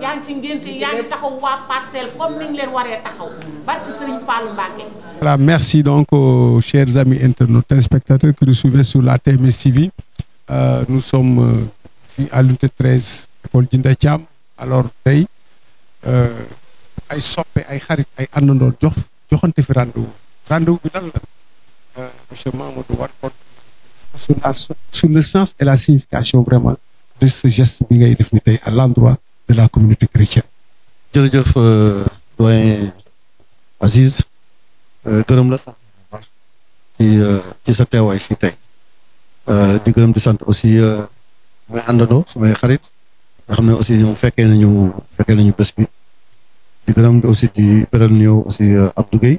yaa ngi merci donc aux chers amis internautes téléspectateurs qui nous sur la TMS TV euh, nous sommes euh, fii à l'unité 13 école Djinda alors tey euh, ay soppe ay xarit ay àndandoo jox joxante fi rendez-vous bi lan la euh, monsieur Mamadou War sur la sens et la signification vraiment de ce geste bi ngay def ni tey à l'endroit de la communauté chrétienne. jërëjëf euh, doyen Aziz euh, gërëm la sant ci euh, ci sa teewaay fii tey di gërëm di sant aussi samay àndandoo sumay xarit nga xam ne aussi ñoom fekkee nañu fekkee nañu bés bi di gërëm aussi di beral nuyoo aussi Abdou Guèye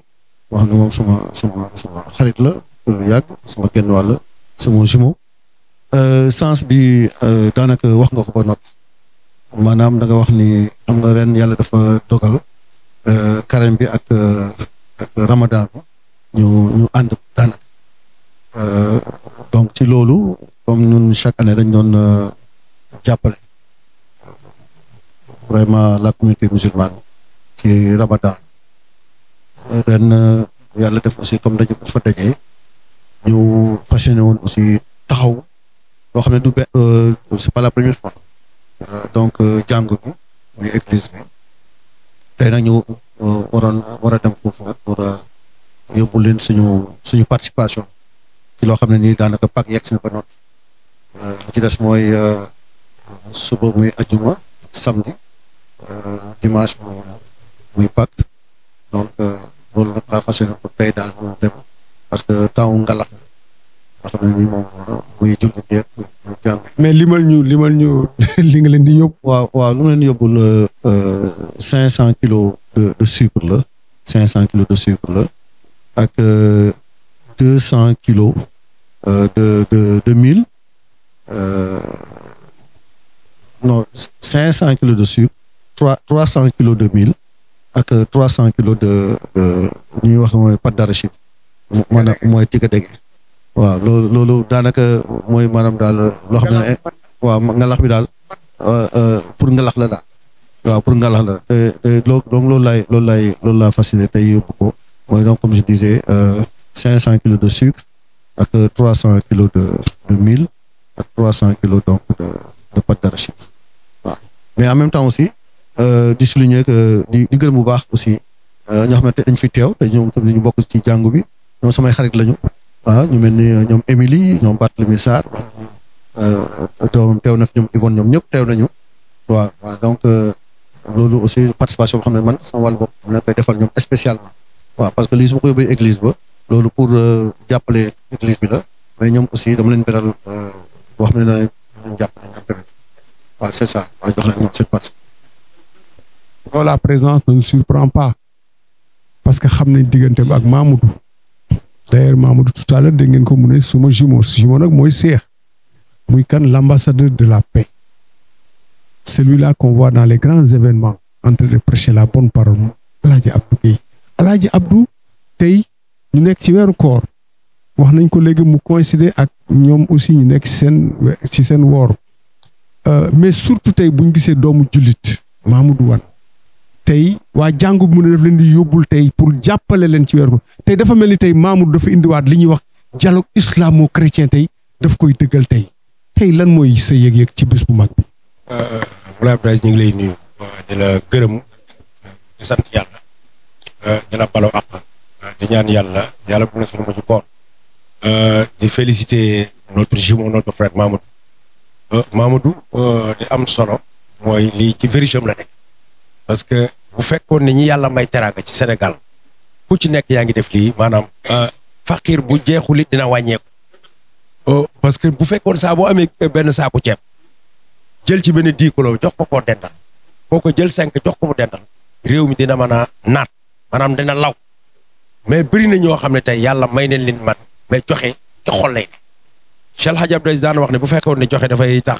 boo xam ne moom suma sama xarit la lu yàgg sama genn wàll sama jumeau Euh, sens bi euh, daanaka wax nga ko ba noppi maanaam da nga wax ni xam nga ren yàlla dafa dogal euh, carême bi ak ak ramadan ñu ñu ànd daanaka donc ci loolu comme ñun chaque année dañ doon jàppale vraiment la communauté musulmane ci ramadan ren yàlla def aussi comme dañu fa dajee ñu fas yéene aussi taxaw loo xam ne du benn euh, c'est pas la première fois donc euh, jàng bi muy église bi tey nag ñu euh, war a dem foofu nag pour yóbbu leen suñu suñu participation ci loo xam ne ni daanaka pàcc yegg si na ba noppi li ci des mooy suba muy ajuma samedi dimanche muy muy donc loolu nag laa fas yéene pour tey daal mu dem parce que temps ngalax nga xam ne nii moom mais limal ñu limal ñu li nga leen di yóbbu. waaw waaw lu ma leen di yóbbu euh, cinq cent kilos de sucre la cinq cent kilos de sucre la ak euh, deux cent kilos euh, de de de mil no cinq cent kilos de sucre trois trois cent kilos de mil ak trois cent kilos de ñuy wax mooy pâte d'arachide maanaam mooy tigga dege waaw loolu loolu daanaka mooy maanaam daal loo xam ne waaw ngalax bi daal euh, euh, pour ngalax la daal waaw pour ngalax la te te loo donc loolu laay loolu laay loolu laa facilité tey yóbbu ko mooy donc comme je disais euh, cinq cent kilos de sucre ak trois cent kilos de de mil ak trois cent kilos donc de de pâte d'arachide waaw mais en même temps aussi di souligner que di di gërëm bu baax aussi ñoo xam ne dañ fi teew te ñoom tamit ñu bokk ci jàngu bi ñoom samay xarit lañu waaw ah, ñu mel ni euh, ñoom Émilie ñoom Barthélémy Sarr euh, doomam teew na fi ñoom Yvonne ñoom ñëpp teew nañu waaw waaw donc euh, loolu aussi participation boo xam ne man sama wàllu bopp la koy defal ñoom spécialement waaw parce que lii su ma ko yóbbee ba loolu pour jàppale église bi la mais ñoom aussi dama leen beral boo xam ne na leen jàppale ñoom tamit waaw c'est ça waaw jox leen ñoom seen participation la présence ne nous surprend pas parce que xam nañ diggante ak Mamoudou d'ailleurs Mamadou tout à l'heure dégg ngeen ko mu ne suma jumeau jumeau nag mooy seex muy kan l'ambassadeur de la paix celui-là qu'on voit dans les grands événements en train de prêcher la bonne parole alaaji Abdou Guèye tey ñu nekk ci weeru koor wax nañ ko léegi mu coïncider ak ñoom aussi ñu nekk ci seen ci seen woor euh, mais surtout tey buñ gisee doomu jullit du Wane tey waa jàngu mu ne daf leen di yóbbul tey pour jàppale leen ci weer ko tey dafa mel ni tey Mamour dafa indiwaat li ñuy wax dialogue islamo-chrétien tey daf koy dëggal tey tey lan mooy sa yëg-yëg ci bis bu mag bi. Moulay euh, euh, ñu ngi lay nuyu. di euh, yàlla. di la baloo àq. di ñaan yàlla yàlla bu ne sunu mujj koor. di féliciter notre jumeau notre frère Mamadou. Mamadou di am solo. mooy lii ci vérité la nekk bu fekkoon ni ñi yàlla may teraanga ci senegal ku ci nekk yaa ngi def lii maanaam euh, fakiir bu jeexul it dina wàññeeku euh, parce que bu fekkoon saa boo amee euh, benn saaku ceeb jël ci benn dix kilo jox ko koo dendal boo ko jël cinq jox ko bu dendal réew mi dina mën a naat maanaam dina law mais bëri na ñoo xam ne tey yàlla may nañ leen mat mais joxe ci xol lay ne Cheikh Hadj daan wax ne bu fekkoon ne joxe dafay tax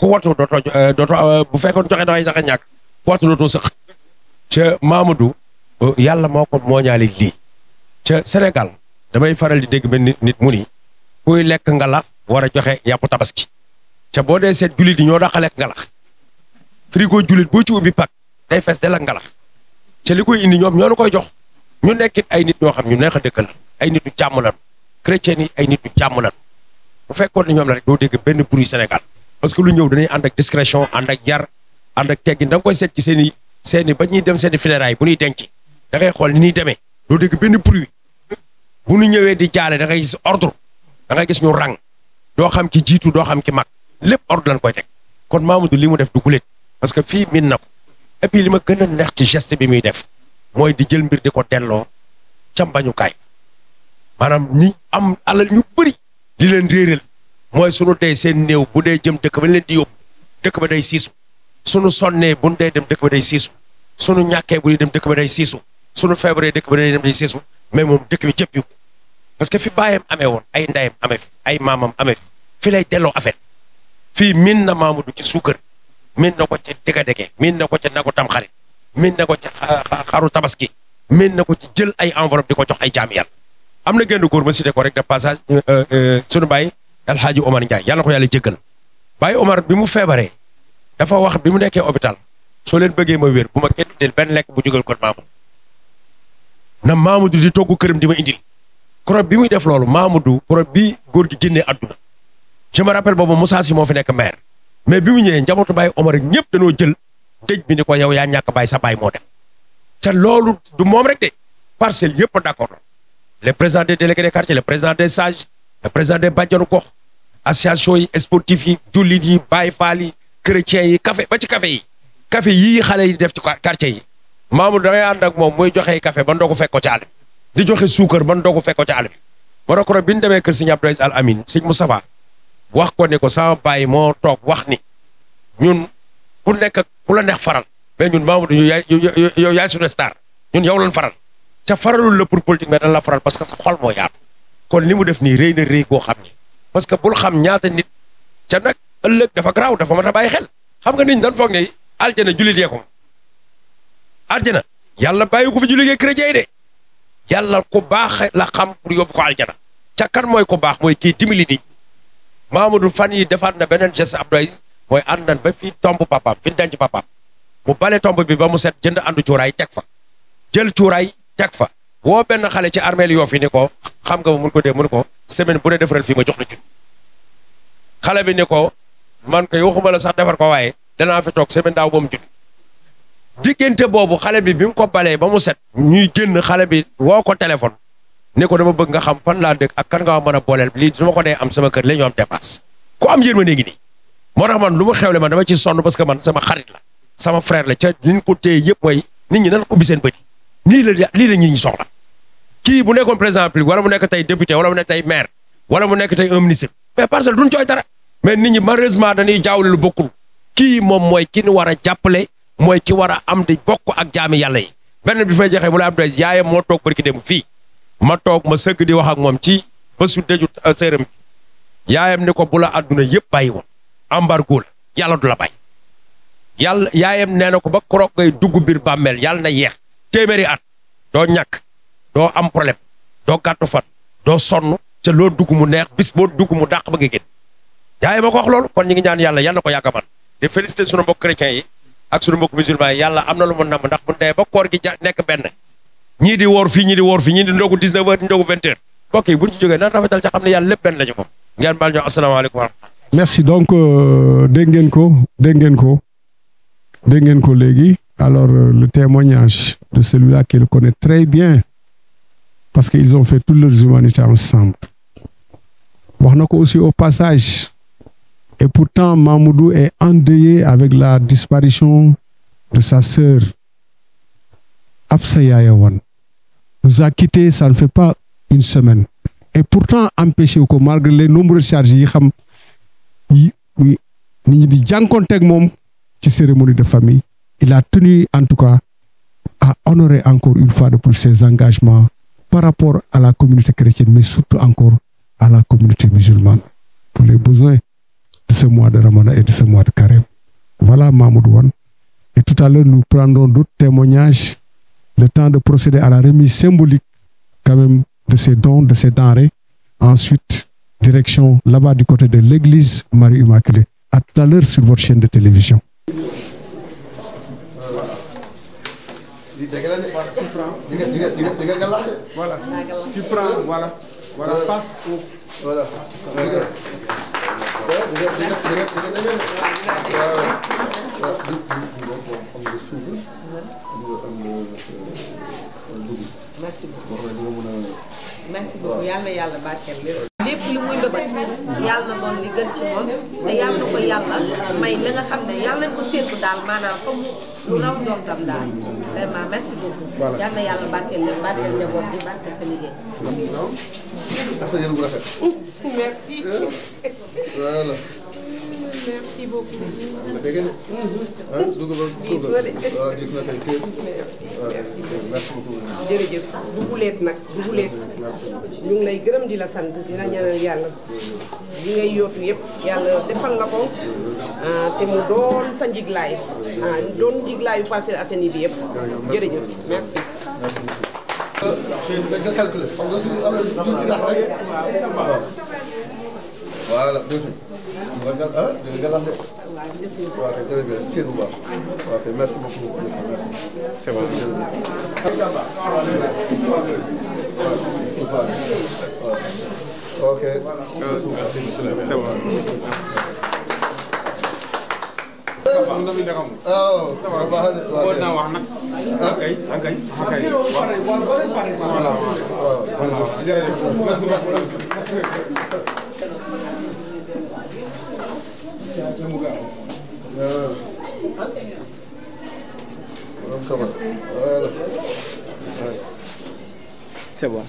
ku wattu dootoo dootoo bu fekkoon joxe dafay tax a ñàkk. waatulootoo sax ca Mamadou yàlla moo ko mooñaale lii ca Sénégal damay faral di dégg benn nit mu ni kuy lekk ngalax war a joxe yàpp tabaski ca boo dee seet jullit yi ñoo dax a lekk ngalax frigo jullit boo ci ubbi pak day fees del ak ngalax ca li koy indi ñoom ñoo nu koy jox ñu nekkit ay nit ñoo xam ñu neex a dëkkal ay nit ñu jàmm lan chrétiens yi ay nit ñu jàmm lan bu fekkoon ne ñoom la rek doo dégg benn bruit Sénégal parce que lu ñëw dañuy ànd ak ak yar ànd ak teggi da nga koy seet ci seeni ba ñuy dem seeni i funérailles bu ñuy denc dangay xool ni ñuy demee doo dégg benn bruit bu ñu ñëwee di jaalee da ngay gis ordre da ngay gis ñu rang doo xam ki jiitu doo xam ki mag lépp ordre lañ koy teg kon Mamadou li mu def du guléet parce que fii miin na ko et li ma gën a neex ci gest bi muy def mooy di jël mbir di ko delloo ca mbañukaay maanaam ni am alal ñu bëri li leen réeral mooy sunu dee seen néew bu dee jëm dëkk ba leen di yóbbu dëkk ba day siisu sunu sonnee bu nu dee dem dëkk ba day siisu sunu ñàkkee bu ñuy dem dëkk ba day siisu sunu feebaree dëkk ba day dem day siisu mais moom dëkk bi jëpp yu parce que fi baayam amee woon ay ndayam amee fi ay maamam amee fi fi lay delloo affaire fii min na Mamadou ci suukar min na ko ci dëgg-dëgg miin na ko ci nagu tam xarit min na ko ci xaru tabaski min na ko ci jël ay enveloppe di ko jox ay jaam am na genn góor ma cité ko rek de passage euh, euh, sunu baay alxaaji Omar Ndiaye yàlla ko yàlla jéggal baay bi mu feebaree dafa wax bi mu nekkee hôpital soo leen bëggee ma wér bu ma kenn indil benn lekk bu jógal kon maamu na Mamadou di togg këram di ma indil korob bi muy def loolu Mamadou korob bi góor gi génnee àdduna je me rappelle boobu Moussa moo fi nekk maire mais bi mu ñëwee njabootu omo rek ñëpp danoo jël dëj bi ni ko yow yaa ñàkk Baye sa Baye moo dem te loolu du moom rek de parcelle yëpp d'accord le président des délégués des quartiers le président des sages le président des bajjanu chrétien yi café ba ci café yi café yii xale yi def ci quartier yi Mamour da ngay ànd ak moom muy joxe café ba ndogu fekk ci àll di joxe suukar ba ndogu fekk ko ci àll bi ma ko bi ñu demee kër sëñ Abdou Al Amin sëñ Moustapha wax ko ni ko sama baay moo toog wax ni ñun ku nekk ak ku la neex faral mais ñun Mamour yow yaay yow yaay suñu star ñun yow lañ faral ca faralul la pour politique mais dañ la faral parce que sa xol moo yaatu kon li mu def nii rëy na rëy goo xam ni parce que ca nag ëllëg dafa garaaw dafa mën a bàyyi xel xam nga nit ñi dañ foog ne aljana jullit yee ko aljana yàlla bàyyi ko fi jullit yee de yàlla ku baax la xam yóbbu ko aljana ca kan mooy ku baax mooy kii dimbali nit Mamadou fan yi defaat na beneen geste Abdoulaye mooy ànd nañ ba fii tomb papaam fi ñu denc papaam mu bale tomb bi ba mu set jënd àndu cuuraay teg fa jël cuuraay teg fa woo benn xale ci armeel yoo fi ni ko xam nga mun ko dee mun ko semaine bu dee defaral fii ma jox la ci man koy waxuma la sax defar ko waaye danaa fi toog semaine daaw ba mu judd boobu xale bi bi mu ko balee ba mu set ñuy génn xale bi woo ko téléphone ne ko dama bëgg nga xam fan laa dëkk ak kan nga mën a booleel lii su ma ko dee am sama kër la ñu am dépasse ku am yéen ma ngi nii moo tax man lu ma xewle man dama ci sonn parce que man sama xarit la sama frère la ca liñ ko téye yëpp mooy nit ñi nan ubbi seen bët yi lii la lii la ñi ñu soxla kii bu nekkoon président wala mu nekk tey député wala mu nekk tey maire mu nekk tey un ministre mais parcelle duñ cooy mais nit ñi malheureusement dañuy jaawle lu bokkul kii moom mooy kii ñu war a jàppale mooy ki war a am di bokk ak jaami yàlla yi benn bi fa joxe mu la am doy yaayam moo toog barki dem fii ma toog ma sëgg di wax ak moom ci bésu dëju euh, séeram bi yaayam ni ko bu la àdduna yëpp bàyyi woon embargo la yàlla du la bay yàlla yaayam nee na ko ba korok ngay dugg biir bàmmeel yàlla na yeex téeméeri at doo ñàkk doo am problème doo gàttu fan doo sonn ca loo dugg mu neex bis boo dugg mu dàq ba nga yaay ma ko wax loolu kon ñu ngi ñaan yàlla yàlla ko yàgg man di félicité sunu mbokk chrétien yi ak sunu mbokk musulman yi yàlla am na lu mu namm ndax bu dee ba koor gi nekk benn ñii di woor fii ñii di woor fii di ndogu 19 heures di ndogu 20 heures bu ñu ci jógee nan rafetal ca xam ne yàlla lépp benn la ci moom ngeen baal ñu asalaamaaleykum wa merci donc euh, dégg ngeen ko dégg ngeen ko dégg ngeen ko léegi alors euh, le témoignage de celui-là qui le connaît très bien parce que qu'ils ont fait toutes leurs humanités ensemble wax na ko aussi au passage Et pourtant, Mamoudou est endeuillé avec la disparition de sa sœur, Absa Yayawan. Nous a quittés, ça ne fait pas une semaine. Et pourtant, empêché que malgré les nombreux charges, cérémonie de famille, il a tenu en tout cas à honorer encore une fois de plus ses engagements par rapport à la communauté chrétienne, mais surtout encore mois de Ramadan et de ce mois de Carême. Voilà Mahmoud Et tout à l'heure, nous prendrons d'autres témoignages, le temps de procéder à la remise symbolique quand même de ces dons, de ces denrées. Ensuite, direction là-bas du côté de l'église Marie Immaculée. À tout à l'heure sur votre chaîne de télévision. merci beaucoup merci beaucoup yal na yàlla barkeel lépp lu muy bëgg yàlla na doon li gën ci moom te yàlla na ko yàlla may li nga xam ne yàlla nañ ko séntu daal maanaam comme lu raw njortam daal vraiment merci beaucoup. voilà yal na yàlla barkeel leen barkeel njaboot bi sa liggéey. voilà. merci beaucoup. dégg nga ah dugg na kay téye. merci ah, merci beaucoup. jërëjëf dugg leet nag dugg leet. ñu ngi lay gërëm di la sant dina ñaanal yàlla. li ngay yootu yëpp yàlla defal la ko. Ah, te mu doon sa njiglaay. ah doon njiglaayu Parcelles Assainies bi yëpp. jërëjëf merci. merci. voilà deuxième. waaw nga ah dégg nga lax de. waaw kay jërëjëf ceeb bu baax. waaw kay merci beaucoup merci. c'est bon ok. merci monsieur le maire. c'est bon.